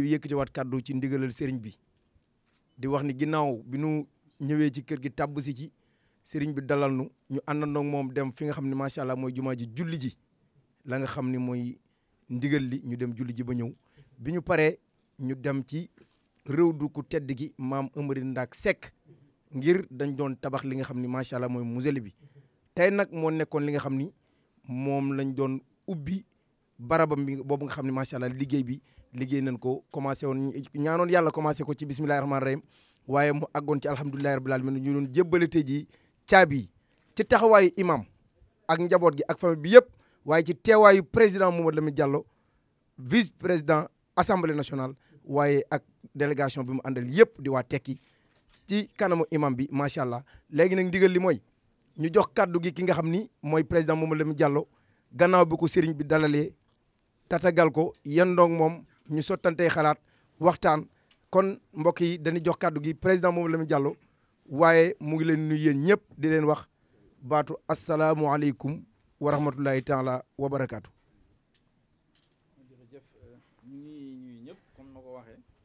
di waat kàddu ci ndigalal sëriñ bi di wax ni ginnaaw bi nu ñëwee ci kër gi tàbb si ci sëriñ bi dalal nu ñu àndandoo moom dem fi nga xam ne macha allah mooy jumaa ji julli ji la nga xam ne mooy ndigal li ñu dem julli ji ba ñëw bi ñu paree ñu dem ci réew du tedd gi maam Amary Ndaak Seck ngir dañ doon tabax li nga xam ni macha allah mooy musée bi tey nag moo nekkoon li nga xam ni moom lañ doon ubbi barabam bi boobu nga xam ne macha allah liggéey bi liggéey nañ ko commencé woon ñaanoon yàlla commencé ko ci bismillahi rahmaani rahim waaye mu àggoon ci alhamdulilahi rabbil alamin ñu doon jébbale tey jii caabi ci taxawaayu imam ak njaboot gi ak famille bi yëpp waaye ci teewaayu président moom la Lamine Diallo vice président assemblée national waaye ak délégation bi mu àndal yëpp di waa tekki ci kanamu imam bi macha allah léegi nag ndigal li mooy ñu jox kàddu gi ki nga xam ni mooy président Mamadou Lamine Diallo gannaaw bi ko sëriñ bi dalalee tatagal ko yendoog moom ñu sottantey xalaat waxtaan kon mbokk yi dañuy jox kàddu gi président moom la mu jàllo waaye mu ngi leen nuyu yéen ñëpp di leen wax baatu asalaamualeykum wa rahmatulahi taala wa barakaatu.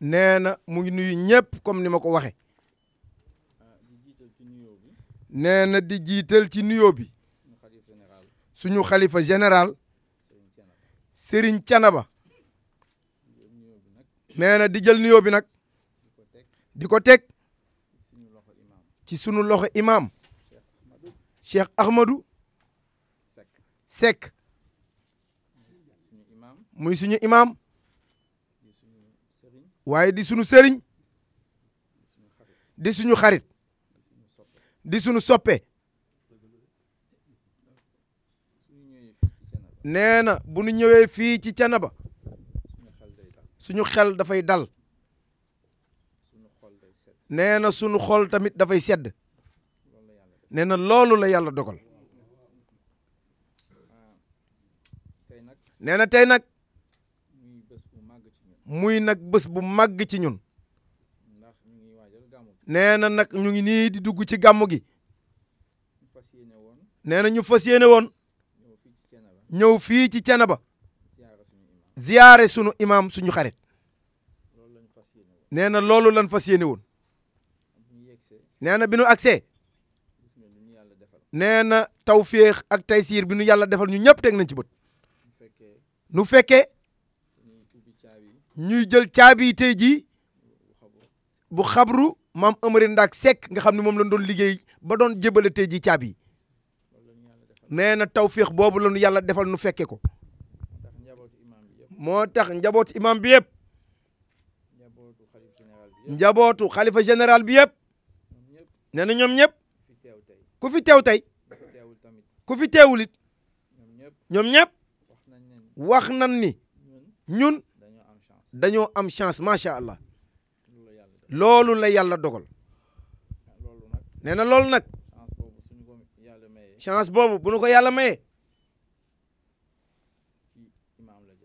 nee na mu ngi nuyu ñëpp comme ni ma ko waxee. Ah, nee na di jiital ci nuyoo bi. suñu xalifa général. Serigne canaba nee na di jël nuyoo bi nag di ko teg ci sunu loxo imaam Cheikh Ahmadou Seck muy suñu imaam waaye di sunu sëriñ di suñu xarit di suñu soppe nee na bu ñu ñëwee fii ci Canaba suñu xel dafay dal nee na suñu xol tamit dafay sedd nee na loolu la yàlla dogal nee na tey nag muy nag bës bu màgg ci ñun nee na nag ñu ngi nii di dugg ci gàmmu gi nee na ñu fas yéene woon ñëw fii ci ba ziyaare sunu imaam suñu xarit nee na loolu lan fas yéene woon nee na bi nu agsee nee na tawféex ak taysiir bi nu yàlla defal ñu ñëpp teg nañ ci bët nu fekkee ñuy jël caabi yi tey jii bu xabru mam Amari Ndaak sekk nga xam ne moom lañ doon liggéey ba doon jëbale tey jii caabi yi nee na tawféex boobu la nu yàlla defal nu fekke ko moo tax njabootu imam bi yëpp njabootu xalifa général bi yëpp nee na ñoom ñëpp ku fi teew tey ku fi teewul it ñoom ñëpp wax nan ni ñun dañoo am chance macha allah loolu la yàlla dogal nee na loolu nag chance boobu bu nu ko yàlla mayee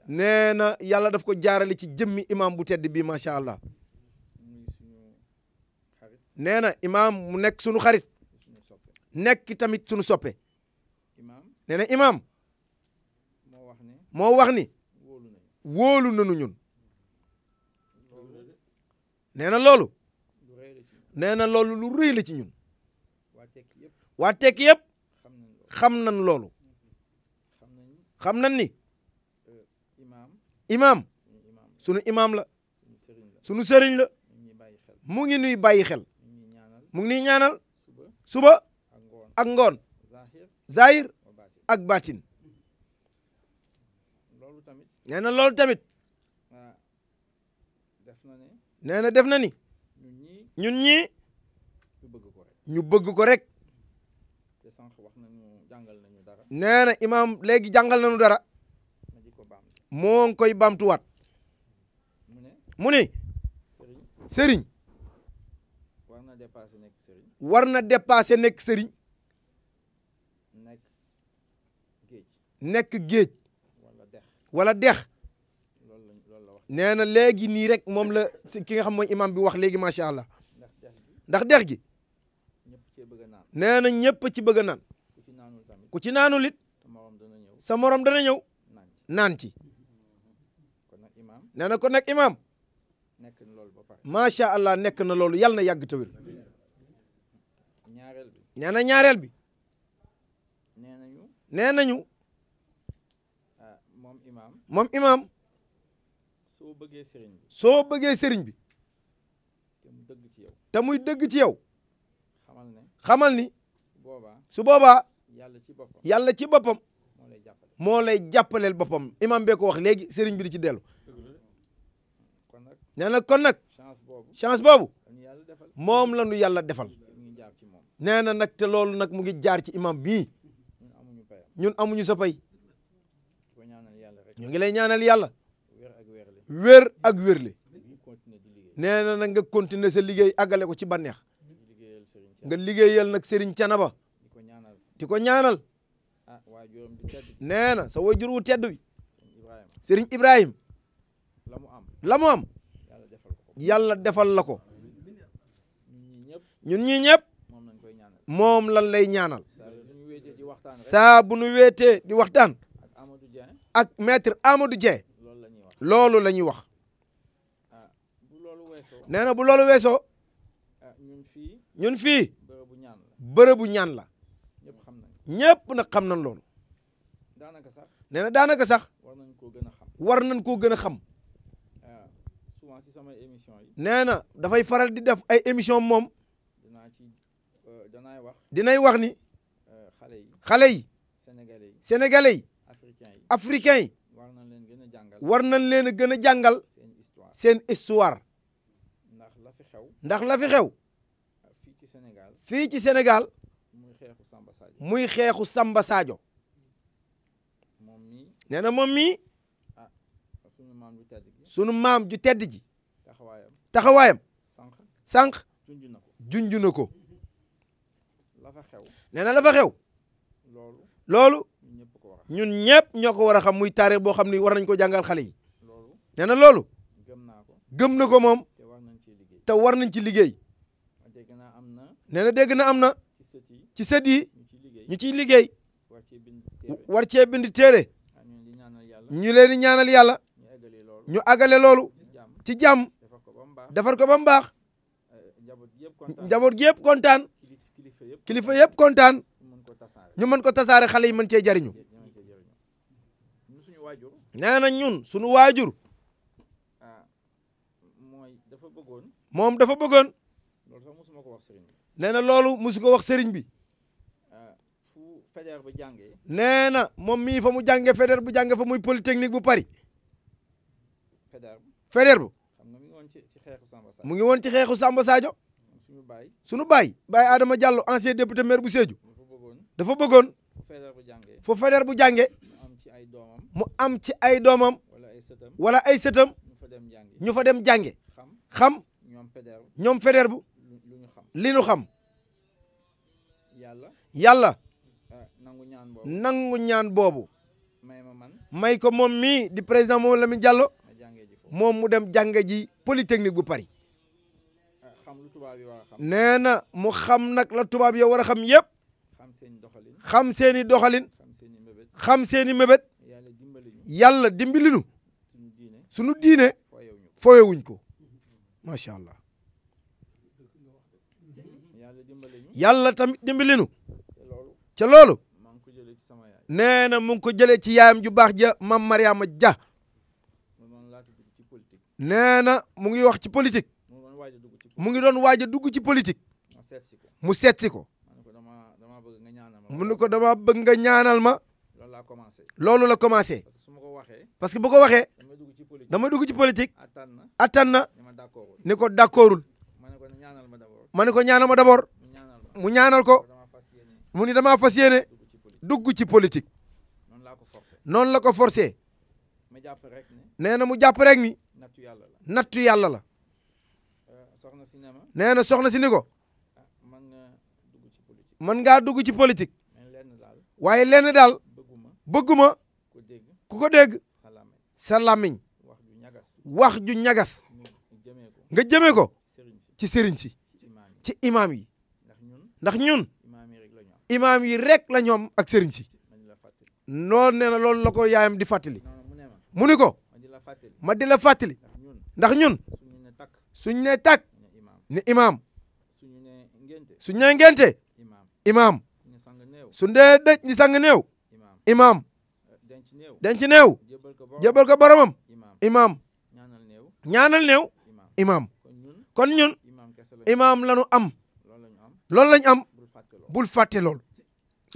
nee na yàlla daf ko jaarale ci jëmmi imam bu tedd bii macha allah nee na imaam mu nekk sunu xarit nekk tamit sunu soppe nee na imaam moo wax ni wóolu nanu ñun nee na loolu nee na loolu lu rëy la ci ñun waa tekki yëpp xam nañ loolu xam nañ ni imaam sunu imaam la sunu sëriñ la mu ngi nuy bàyyi xel mu ngi nuy ñaanal suba ak ngoon zahir ak batin nee na loolu tamit nee na def na ni ñun ñii ñu bëgg ko rek nee na imaam léegi jàngal nañu dara moo ngi koy bamtuwaat mu ne sëriñ war na dépassé nekk sëriñ war na dépassé nekk sëriñ nekk géej walla géej wala dex nee na léegi nii rek moom la ki nga xam mooy imam bi wax léegi macha allah ndax dex gi nee na ñëpp ci bëgg a naan ku ci naanul it sa morom dana ñëw naan ci nee na ko nag imaam nekk loolu ba pare macha allah nekk na loolu yàlla na yàgg te wér ñaareel bi nee na ñaareel bi nee nañu nee nañu ah, moom imaam moom imaam soo bëggee sëriñ bi soo bëggee sëriñ bi muy dëgg ci yow te muy dëgg ci yow xamal ne xamal ni boobaa su boobaa yàlla ci boppam yàlla ci boppam moo lay jàppaleel boppam imaam bee ko wax léegi sëriñ bi di ci dellu nee na kon nag chance boobu moom la nu yàlla defal nee na nag te loolu nag mu ngi jaar ci imam bii ñun amuñu sa pay ñu ngi lay ñaanal yàlla wér ak wérle nee na nag nga continuer sa liggéey àggale ko ci bànneex nga liggéeyal nag Serigne Thiénaba di ko ñaanal ah, nee na sa wajur wu tedd bi Serigne Ibrahima la mu am yàlla defal la ko ñun ñii ñëpp moom lan lay ñaanal saa bu nu wéetee di waxtaan ak maître Amadou Dieng loolu la ñuy wax nee na bu loolu weesoo ñun fii bërëbu ñaan la ñëpp nag xam nañ loolu nee na daanaka sax war nañ koo gën a xam nee na dafay faral di def ay émission moom euh, dinay wax ni euh, xale yi sénégalais yi africains yi war nañ leen a gën a jàngal seen histoire ndax la fi xew fii ci Sénégal muy xeexu Samba Sadio nee na moom mii ah, sunu maam ju tedd ji taxawaayam sànq junj na ko nee na la fa xew loolu ñun ñëpp ñoo ko war a xam muy taarix boo xam ni war nañ ko jàngal xale yi nee na loolu gëm na ko moom te war nañ ci liggéey nee na dégg na am na ci sët yi ñu ciy liggéey war cee bind téere ñu leen di ñaanal yàlla ñu agale loolu ci jàmm defar ko ba mu baax njaboot gi yëpp kontaan kilifa yëpp kontaan ñu mën ko tasaare xale yi mën cee jariñu nee na ñun suñu waajur moom dafa bëggoon nee na loolu musu wax sëriñ bi nee na moom mii fa mu jànge fédère bu jànge fa muy polytechnique bu Paris Faidherbe bu mu ngi woon ci xeexu Samba Sadio sunu baay baay Adama Diallo ancien député maire bu Sédhiou dafa bëggoon fu Faidherbe bu jàngee mu am ci ay doomam wala ay sëtam ñu fa dem jànge xam ñoom Faidherbe bu li ñu xam yàlla ah, nangu ñaan boobu may ko moom mii di président moom Lamine Diallo moom mu dem jànge ji polytechnique bu Paris nee na mu xam nag la tubaab yi war a xam yëpp xam seeni doxalin xam seeni mébét yàlla dimbalinu sunu diine foyewuñ ko macha allah yàlla tamit dimbalinu ca loolu nee na mu ngi ko jëlee ci yaayam ju baax ja mam Mariama Ja nee na mu ngi wax ci politique mu ngi doon waaj a dugg ci politique mu seetsi ko mu ne ko dama bëgg nga ñaanal ma loolu la commencé parce que bu ko waxee dama dugg ci politique attan na ni ko d'accordul ma ne ko ñaanal ma d'abord mu ñaanal ko mu ni damaa fas yéene dugg ci politique noonu la ko forcé nee na mu jàpp rek ni nattu yàlla la nattu yàlla la. Euh, soxna si ne ma nee na soxna si ni ko. Ah, mën ngaa dugg ci politique. mën ngaa waaye lenn daal. bëgguma ku ko dégg. sa làmmiñ wax ju ñagas. nga jëmee ko ci sëriñ si ci imaam yi ndax ñun imaam yi rek la ñoom ak sëriñ si loolu nee na loolu la ko yaayam di fàttali mu ni ko ma di la fàttali ndax ñun suñ ne tàkk ni imaam suñ ne ngente imaam su dee dëj ñi sang néew imaam euh, denc néew jébal ko boromam imaam ñaanal néew imaam kon ñun imaam lañu am loolu lañu am bul fàtte lool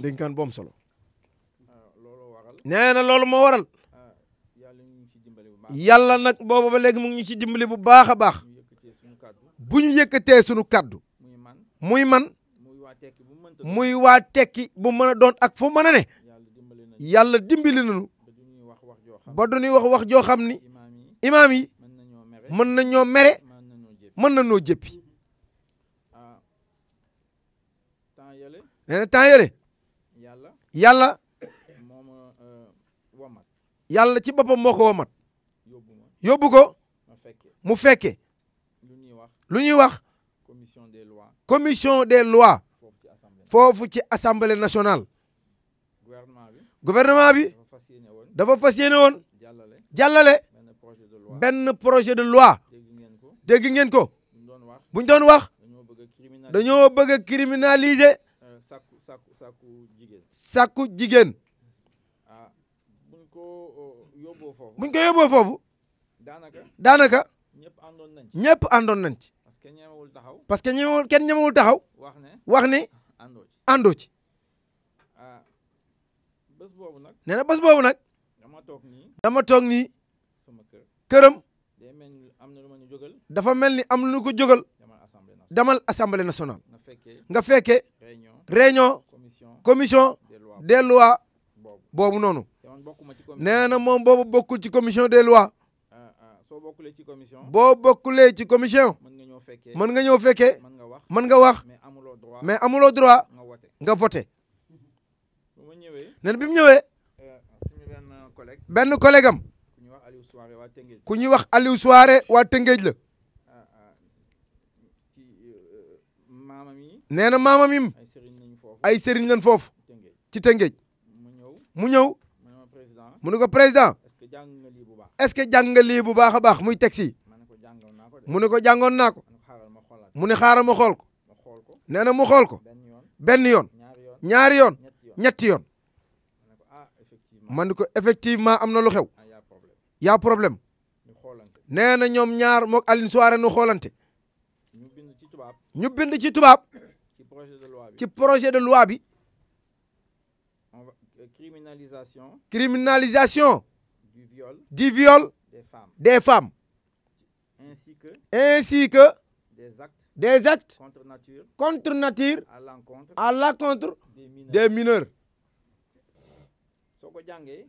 dénkaan boom solo euh, nee na loolu moo waral yàlla nag booba ba léegi mu ngi ñu ci dimbali bu baax a baax bu ñu yëkkatee suñu kàddu muy man muy waa tekki bu mën a doon ak fu mën a ne yàlla na nañu ba du ñuy wax wax joo xam ni imaam yi mën nañoo mere mën nañoo jëppi nee na temps yële yàlla yàlla ci boppam moo ko womat yóbbu ko mu fekke lu ñuy wax commission des lois foofu ci assemblée nationale gouvernement bi dafa fas yéene woon jàllale benn projet de loi dégg ngeen ko bu ñu doon wax dañoo bëgg a criminaliser sàkku jigéen ah, euh, buñ ko yóbboo foofu daanaka ñëpp àndoon nañ ci parce que ñemewul kenn ñemewul taxaw wax ne àndoo ci ah, nee na bés boobu nag dama toog nii këram dafa mel ni am lu ko jógal demal assemblée nationale nga fekkee réunion commission des lois boobu noonu nee na moom boobu bokkul ci commission des loi soo bokkulee ci commission. boo bokkulee ci commission. mën nga ñëw fekkee mën nga ñëw fekkee. mën nga wax mën nga wax. mais amuloo droit mais amuloo droit. nga voté nga voté. bu ñëwee. nee bi mu ñëwee. Euh, suñu benn collègue. benn collègue am. ku ñuy wax Aliou Souare waa Tëngéej. ku ñuy wax Aliou Souare waa Tëngéej la. Ah, ah, euh, nee na maamam im ay sëriñ lañ foofu. ci Tëngéej. mu ñëw. mu ne ko président. est-ce que jàng lii bu baax baax muy teg si mu ne ko jàngoon naa ko mu ne xaaral ma xool ko nee na mu xool ko benn yoon ñaari yoon ñetti yoon man ni ah, ko effectivement am na lu xew ah, y'a problème nee na ñoom ñaar moog Alioune Souaré nu xoolante ñu bind ci tubaab ci projet de loi bi euh, criminalisation criminalisation du viol, du des femmes, des femmes ainsi, que ainsi que, des actes, des actes contre nature, contre nature à l'encontre des mineurs. Des mineurs.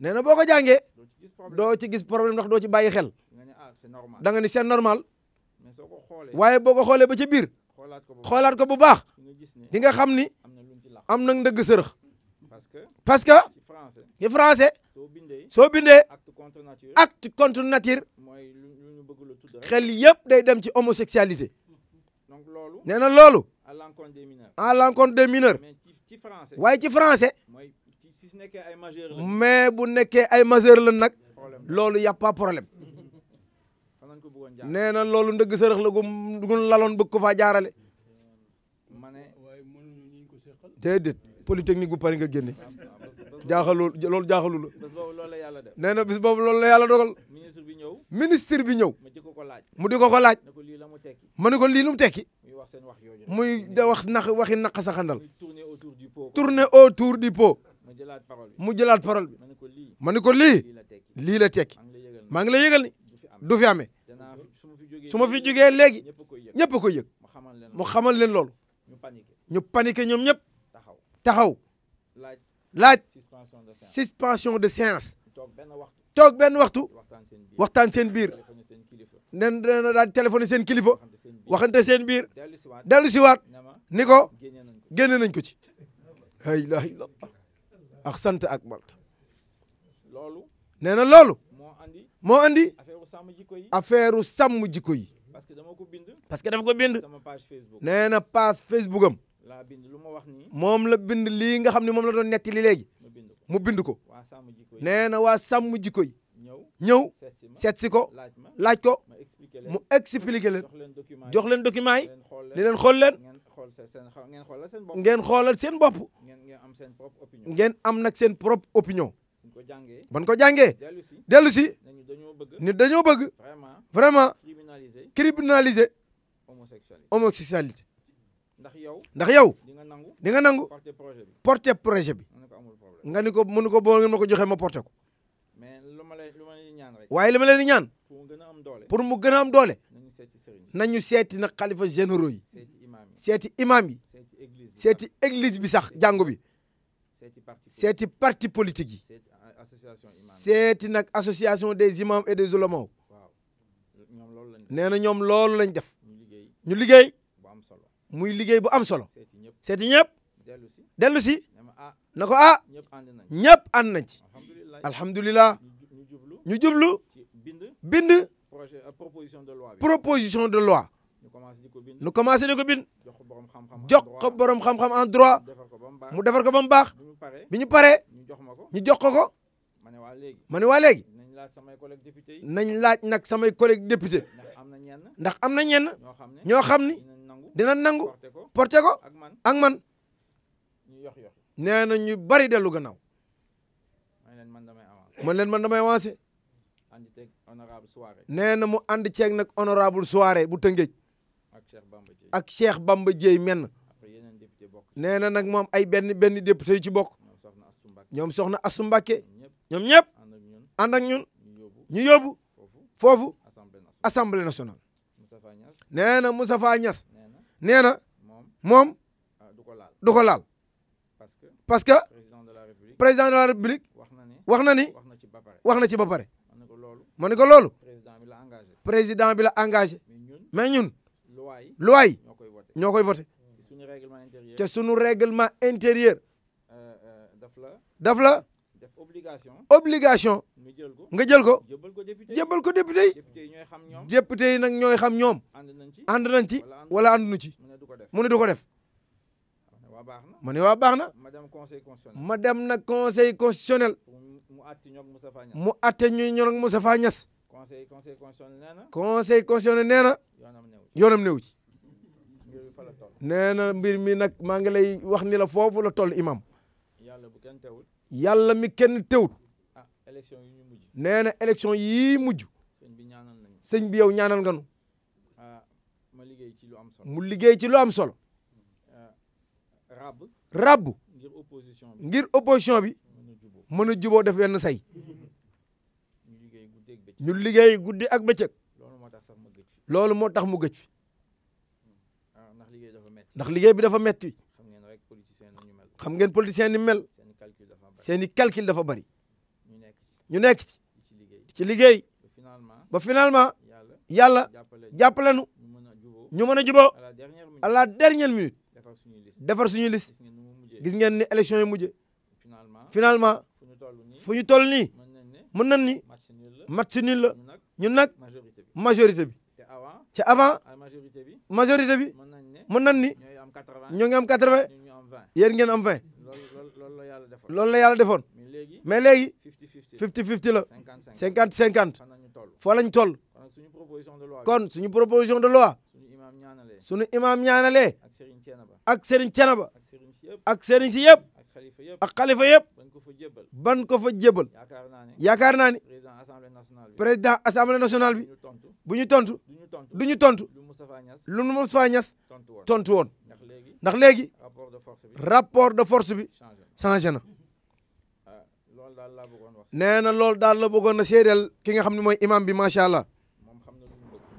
nee na boo ko jàngee doo ci gis problème ndax doo ci bàyyi xel da nga ni ah, c'est normal waaye boo ko xoolee ba ci biir xoolaat ko bu baax di nga xam ni am na ndëgg sërëx parce que ci français soo bindee acte contre nature xel yëpp day dem ci homosexualité nee na loolu à l'encontre des mineurs waaye ci français mais bu nekkee ay majeur la nag loolu y a pas problème nee na loolu ndëgg sërëx la gum gun laloon bëgg ko faa jaarale déedéet polytechnique bu Paris nga génne jaaxalul lool jaaxalul la. bés boobu loolu la yàlla def. nee na bés boobu loolu la yàlla dogal. ministre bi ñëw. ministre bi ñëw. mu di ko ko laaj. mu ko ko laaj. ne ko lii la mu tekki. ma ne ko lii lu mu tekki. muy wax seen wax yooyu. muy da wax nax waxi naqa saxandal. muy tourner autour du pot. tourner autour du pot. mu jëlaat parole bi. mu jëlaat parole bi. ma ne ko lii. ma ne ko lii. lii la tekki. maa ngi lay yëgal ni du fi amee. su ma fi jógee léegi. ñëpp a koy yëg. mu xamal leen loolu. ñu paniqué ñoom ñëpp. taxaw laaj laaj suspension de séance toog benn waxtu waxtaan seen biir nen na daal téléphoné seen kilifa waxante seen biir dellu siwaat ni ko génne nañ ko ci la ilaha illallah ak sant ak malt nee na loolu moo andi affaire u sàmm jikko yi parce que dafa ko bind nee na page Facebook am laa bind lu ma wax nii. moom la bind lii nga xam ne moom la doon netti li léegi. mu bind ko nee na waa sàmm jikko yi. ñëw seet si ko laaj ko mu expliqué leen jox leen document yi li leen xool leen ngeen xoolal seen bopp ngeen am nag seen propre opinion ban ko jàngee dellu si ni dañoo bëgg vraiment criminaliser homosexualité ndax yow ndax yow di nga nangu porté projet bi nga ni ko mënu ko boo ngeen ma ko joxee ma porté ko waaye li ma leen ni ñaan pour mu gën a am doole na nañu seeti nag xalifa généraux yi seeti imam yi seeti église bi sax jàngu bi seeti parti politique yi seeti nag association des imams et des oulémas nee na ñoom loolu lañ def ñu liggéey muy liggéey bu am solo seeti ñëpp dellu si na ah. ko ah ñëpp ànd nañ ci alhamdulilah ñu jublu bind euh, proposition de loi nu commencé di ko bind jox ko borom xam-xam en droit mu defar ko ba mu baax bi ñu paree ñu jox ko ko ma ne waa léegi nañ laaj nag samay collègue député ndax am na ñenn ñoo xam ni dina nangu porté ko ak man nee na ñu bari dellu gannaaw man leen man damay avancé nee na mu ànd ceeg nag honorable soirée bu Tëngéej ak Cheikh Bamba Dieye menn nee na nag moom ay benn benn député yu ci bokk ñoom soxna Astou Mbacké ñoom ñëpp ànd ak ñun ñu yóbbu foofu assemblée nationale nee na Moustapha Niasse nee na moom du ko laal parce que président de la république wax na ni wax na ci ba pare ma ne ko loolu président bi la engagé mais ñun loi yi ñoo koy voté ca sunu règlement intérieur euh, euh, daf la obligation nga jël ko jébbal ko député yi député yi nag ñooy xam ñoom ànd nañ ci wala ànd nu ci mu ne du ko def ma ne waa baax na ma dem nag conseil constitutionnel mu atte ñu ñor ak Moustapha Niass conseil constitutionnel nee na yoonam newu ci nee na mbir mi nag maa ngi lay wax ni la foofu la toll imam yàlla mi kenn tëwut ah, nee na élection yii mujj sëñ bi ñaanal bi yow ñaanal nga nu ah, mu liggéey ci lu am solo ah, rabb ngir opposition bi mën a juboo def wenn say ñu liggéey guddi ak bëccëg loolu moo tax mu gëj fi ndax liggéey bi dafa metti xam ngeen politicien ni mel seen i calcul dafa bëri ñu nekk ci ci liggéey ba finalement yàlla jàppale nu ñu mën a juboo à la dernière minute defar suñuy liste gis ngeen ni élection yi mujje finalement fu ñu toll nii mën nañ ni match nul la ñun nag majorité bi ci avant ah, majorité bi mën nañ ni ñoo ngi am 80 yéen ngeen am 20 loolu la yàlla defoon loolu la yàlla defoon mais léegi. 50 50 la 50 50 foo lañ toll. kon suñu proposition de loi. suñu imam ñaanalee. ak Serigne Thiénaba. ak Serigne si yëpp. ak xalifa yëpp ban ko fa jébal yaakaar naa ni président assemblée nationale bi bu ñu tontu du ñu tontu lu mu Moustapha Niass tontu woon ndax léegi rapport de force bi changé na ah, nee na loolu daal la bëggoon na seedeel ki nga xam ne mooy imam bi macha allah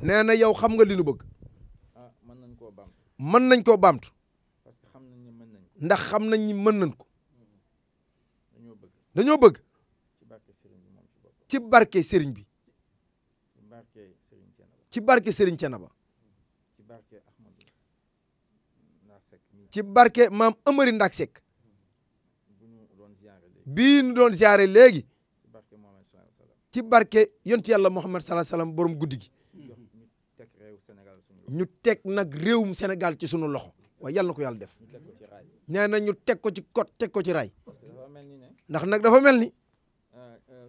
nee na yow xam nga li nu bëgg ah, mën nañ koo baamtu ndax xam nañ ni mën nañ ko dañoo bëgg ci barke sëriñ bi ci barke sëriñ Thiénaba ci barke maam Amari Ndak Seck bii nu doon ziare léegi ci barke yonti yàlla Muhammad sallallahu alayhi borom guddi gi ñu teg nag réewum senegal ci sunu loxo waaye yàlla na ko yàlla def nee na ñu teg ko ci code teg ko ci raay ndax nag dafa mel ni.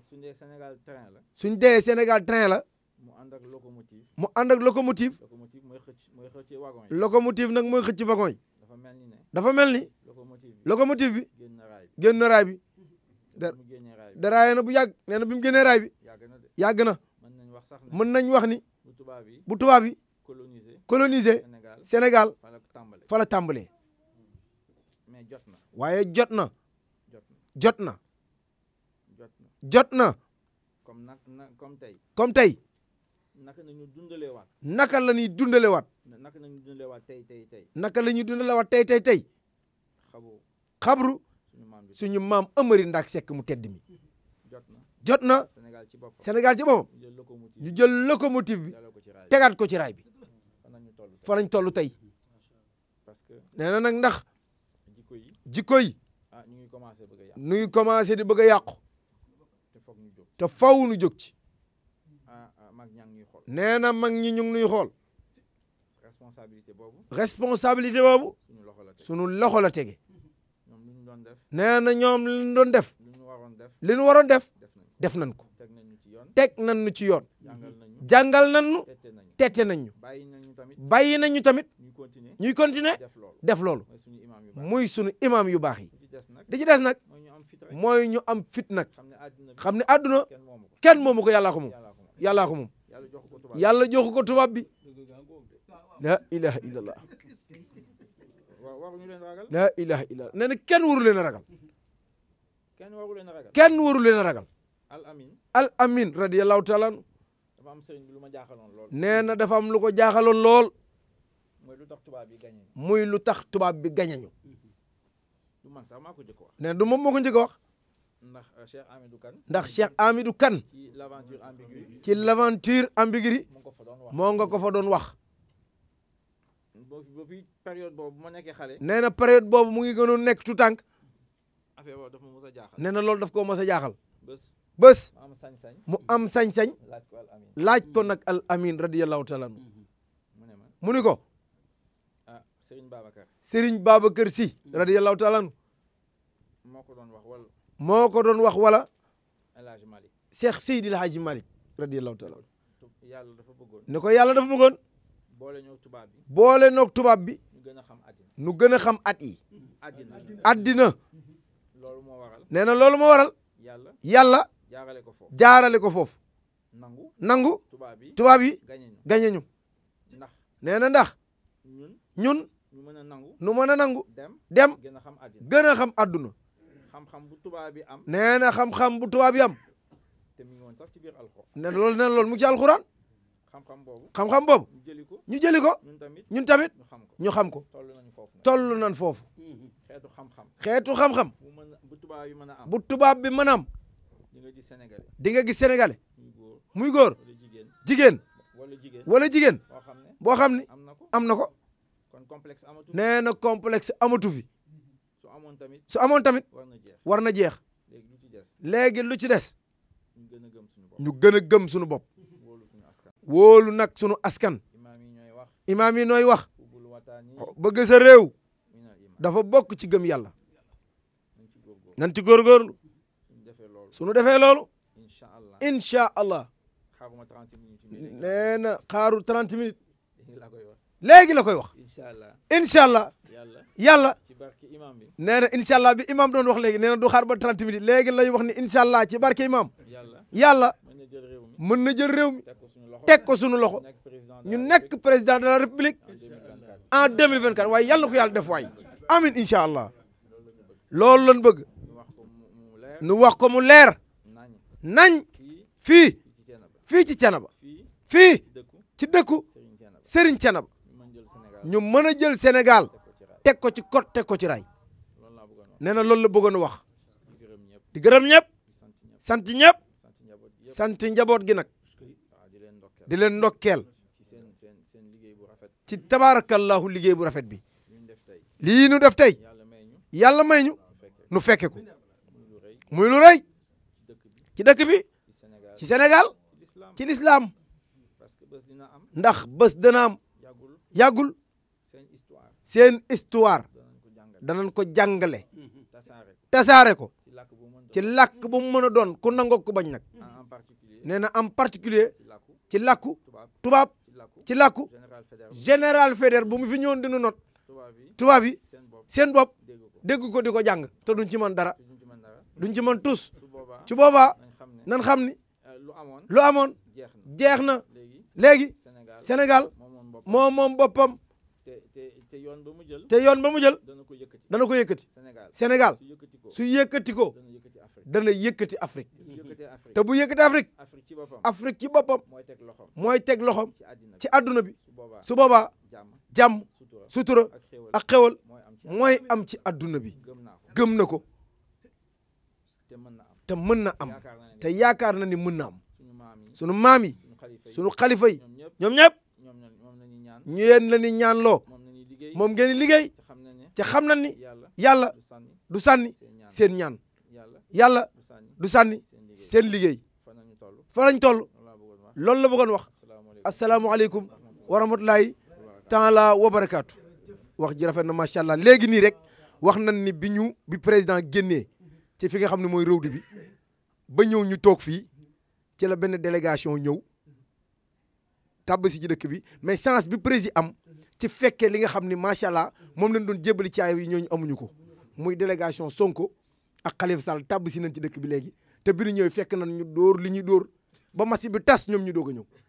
suñ dee Sénégal train la. suñ dee Sénégal train la. mu ànd ak locomotive. mu ànd ak locomotive. locomotive mooy xëcc mooy xëcc wagon yi. locomotive nag mooy xëcc wagon yi. dafa mel ni dafa mel ni. locomotive bi locomotive bi. génn raay bi génn raay bi. da daraaye na bu yàgg nee na bi mu génnee raay bi. yàgg na de yàgg na. mën nañ wax sax mën nañ wax ni. bu tubaab bi bu tubaab bi. colonisé colonisé Sénégal. fa la tàmbalee fa mais jot na waaye jot na. jot na. jot na jot na. comme nag comme tey. comme tey. naka la ñuy dundaleewaat. naka la ñuy dundaleewaat. naka la ñuy dundaleewaat tey tey tey. naka la ñuy dundaleewaat tey tey tey. xabru xabru. suñu maam Amari Ndaak sekk mu tedd mi. jot na jot na. Sénégal ci boppam Sénégal ci boppam. ñu jël locomotive bi. tegaat ko ci raay bi. fa lañ toll tey. nee na nag ndax. jikko yi. ñu ngi commencé bëgg a yàqu commencé di bëgg a yàqu te faw nu jóg ci ah, ah, nee na mag ñi ñu ngi nuy xool responsabilité boobu responsabilité boobu sunu loxo la tege nee na ñoom li ñu doon def li ñu waroon def def nañ ko teg nañ ñu ci yoon jàngal nañ ñu tette nañ ñu bàyyi nañ ñu tamit ñuy continuer def loolu muy sunu imaam yu baax yi di ci des nag mooy ñu am fit nag xam ne àdduna kenn moomu ko yàllaa ko moom yàllaa ko moom yàlla joxu ko tubaab bi la ilaha illallah la ilaha illallah nee na kenn waru leen a ragal kenn waru leen a ragal al amin radiallahu taala anu nee na dafa am lu ko jaaxaloon lool muy lu tax tubaab bi gañe du man sax maa ko njëkk a wax. nee na du moom moo ko njëkk a wax. ndax euh, Cheikh Amidou Kane. ndax Cheikh Amidou Kane. ci l'aventure ambiguë. ci l'aventure ambiguë. moo nga ko fa doon wax. boobu période boobu ma nekkee xale. nee na période boobu mu ngi gënoon nekk tu tànk. affaire boobu dafa mos a jaaxal. nee na loolu daf koo mos a jaaxal. bés mu am sañ-sañ. mu am sañ-sañ. laaj ko nag al amin radiyallahu taala mm-hmm. mu ne ko. Serigne Babacar Serigne Babacar si. radiyallahu taala anhu. moo ko doon wax wala. moo ko doon wax wala. El Hadj Malick Cheikh Seydil Hadji yàlla dafa bëggoon ne ko yàlla dafa bëggoon. boole ñoog tubaab bi. boole ñoog tubaab bi. nu gën a xam at nu gën a xam at yi. addina addina. loolu moo waral. nee na loolu moo waral. yàlla yàlla. jaarale ko foofu jaarale ko foofu. nangu nangu. tubaab yi tubaab yi. gañe ñu gañe ñu. ndax nee ndax. ñun. nu mën a nangu nu mën a nangu dem gën a xam àdduna xam-xam bu tubaab bi am nee na xam bu tubaab bi am te mi sax ci biir alxuraan ne loolu na loolu mu ngi ci alxuraan xam-xam boobu xam-xam boobu ñu jëli ko ñun tamit ñu xam ko toll nañ foofu xeetu xam-xam xeetu xam-xam bu tubaab bi mën a am bu tubaab bi mën a am di nga gis sénégalais di nga gis sénégalais muy góor jigéen wala jigéen wala jigéen boo xam ne am na ko nee na complexe amatu fi su amoon tamit war na jeex léegi lu ci des ñu gën a gëm suñu bopp wóolu nag suñu askan imaam yi nooy wax bëgg sa réew dafa bokk ci gëm yàlla nan ci góorgóorlu suñu defee loolu incha allah nee na xaaru minutes léegi la koy wax. incha allah incha allah. yàlla ci barke imam bi. nee na incha allah bi imam doon wax léegi nee na du xaar ba 30 minutes léegi lay wax ni incha allah ci barke imam. yàlla mën na jël réew mi. teg ko suñu loxo ñu nekk président de la république en 2024 waaye yàlla ko yàlla def waay amin incha allah loolu lañ bëgg nu wax ko mu leer nañ fii fii ci Thiénaba fii ci dëkku Serigne Thiénaba ñu mën a jël Sénégal teg ko ci kot teg ko ci ray nee na loolu la bëggoon wax di gërëm ñëpp sant ñëpp sant njaboot gi nag di leen ndokkeel ci tabaarakallahu liggéey bu rafet bi lii nu def tey yàlla may ñu nu fekke ko muy lu rëy ci dëkk bi ci Sénégal ci lislaam ndax bés dana am yàggul seen histoire danañ ko jàngale tasaare ko ci làkk bu mu mën a doon ku nangoo ko bañ nag nee na en particulier ci làkku tubaab ci làkku général Faidherbe bu mu fi ñëwoon dinu not tubaab yi seen bopp dégg ko di ko jàng te duñ ci mën dara duñ ci mën tus ci boobaa nan xam ni lu amoon jeex na léegi Sénégal moo moom boppam te yoon ba mu jël te yoon ba mu jël dana ko yëkkati dana ko yëkkati Sénégal su yëkkati ko dana yëkkati Afrique te bu yëkkati Afrique Afrique ci boppam mooy teg loxom ci àdduna bi su boobaa jàmm sutura ak xewal mooy am ci àdduna bi gëm na ko te mën na am te yaakaar na ni mën na am sunu maam yi sunu xalifa yi ñoom ñëpp ñu yéen la ni ñaan loo moom ngeen di liggéey te xam na ni yàlla du sànni seen ñaan yàlla du sànni seen liggéey fa lañ toll loolu la bëggoon wax asalaamualeykum wa rahmatulahi taala wa barakaatu wax ji rafet na macha allah léegi nii rek wax nañ ni bi ñu bi président génnee ci fi nga xam ne mooy réew bi ba ñëw ñu toog fii ci la benn délégation ñëw tàbb si ci dëkk bi mais chance bi président am ci fekkee li nga xam ni macha allah moom lañ doon jébbali ci ay yi ñooñu amuñu ko muy délégation Sonko ak Khalifa Sall tàbb si nañ ci dëkk bi léegi te bi ñu ñëwee fekk nañ ñu dóor li ñuy dóor ba masi bi tas ñoom ñu doog a ñëw